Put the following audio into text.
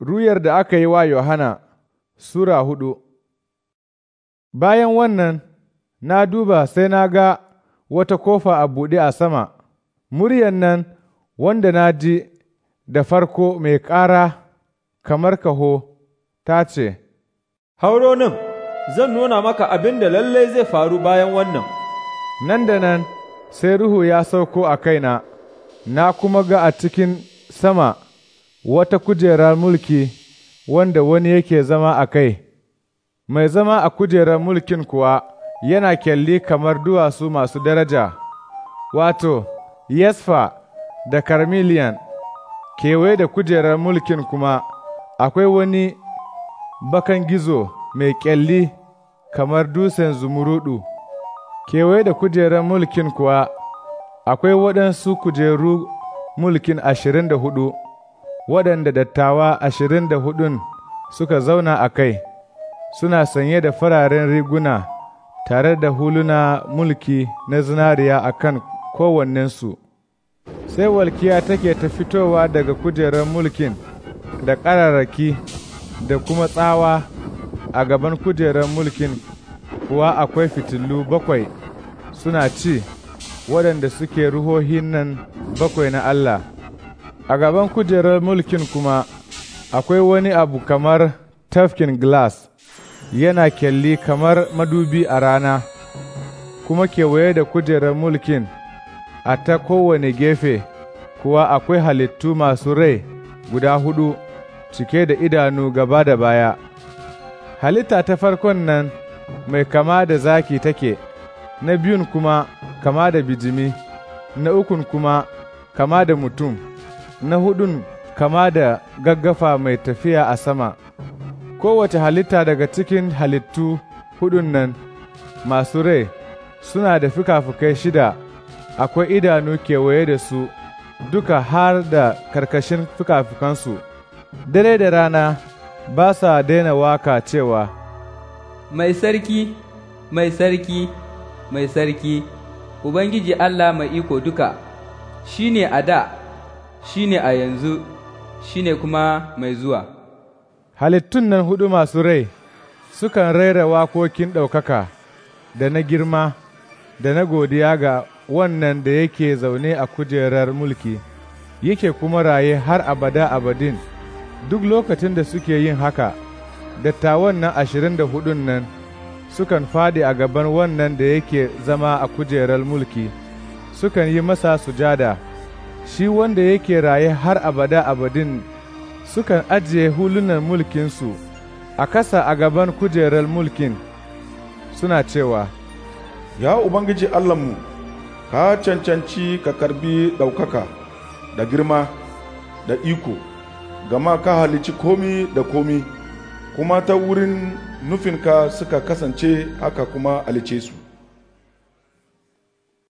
Ruyar da aka yi wa Yohana Sura hudu Bayan wannan, na duba sai na ga wata kofa a buɗe a sama, muryan nan wanda na ji da farko mai ƙara kamar kaho ta ce, Hauro nan, zan nuna maka abin da lallai zai faru bayan wannan. Nan da nan sai Ruhu ya sauko a kaina, na kuma ga a cikin sama. wata kujerar mulki wanda wani yake zama a kai, mai zama a kujerar mulkin kuwa yana kyalli kamar duwatsu masu daraja, wato, Yesfa da karmilian kewaye da kujerar mulkin kuma akwai wani bakan gizo mai kyalli kamar dusen zumurudu, kewaye da kujerar mulkin kuwa akwai waɗansu kujeru mulkin ashirin da hudu. waɗanda dattawa ashirin da hudun suka zauna a kai, suna sanye da fararen riguna tare da huluna mulki na zinariya a kan kowannensu. Sai walkiya take ta fitowa daga kujerar mulkin da ƙararraki da kuma tsawa a gaban kujerar mulkin kuwa akwai fitilu bakwai suna ci waɗanda suke ruhohin nan bakwai na Allah. a gaban kujerar mulkin kuma akwai wani abu kamar tafkin glass yana kyalli kamar madubi a rana kuma kewaye da kujerar mulkin a ta kowane gefe kuwa akwai halittu masu rai guda hudu cike da idanu gaba da baya halitta ta farkon nan mai kama da zaki take na biyun kuma kama da bijimi na ukun kuma kama da mutum na hudun kama da gaggafa mai tafiya a sama, kowace halitta daga cikin halittu hudun nan masu rai suna da fikafikai shida, akwai idanu kewaye da su duka har da karkashin fikafikansu, dare da rana ba sa daina waka cewa, Mai sarki, mai sarki, mai sarki, Ubangiji Allah mai iko duka, shi ne a da. shi ne a yanzu, shi ne kuma mai zuwa. Halittun nan hudu masu rai sukan raira wakokin ɗaukaka da na girma da na godiya ga wannan da yake zaune a kujerar mulki, yake kuma raye har abada abadin. Duk lokacin da suke yin haka, dattawan nan ashirin da hudun nan sukan fadi a gaban wannan da yake zama a kujerar mulki, sukan yi masa sujada. shi wanda yake raye har abada abadin sukan ajiye hulunan mulkinsu a kasa a gaban kujerar mulkin suna cewa ya ubangiji allahnmu ka cancanci ka karbi ɗaukaka da girma da iko gama ka halici komi da komi kuma ta wurin nufinka suka kasance haka kuma alice su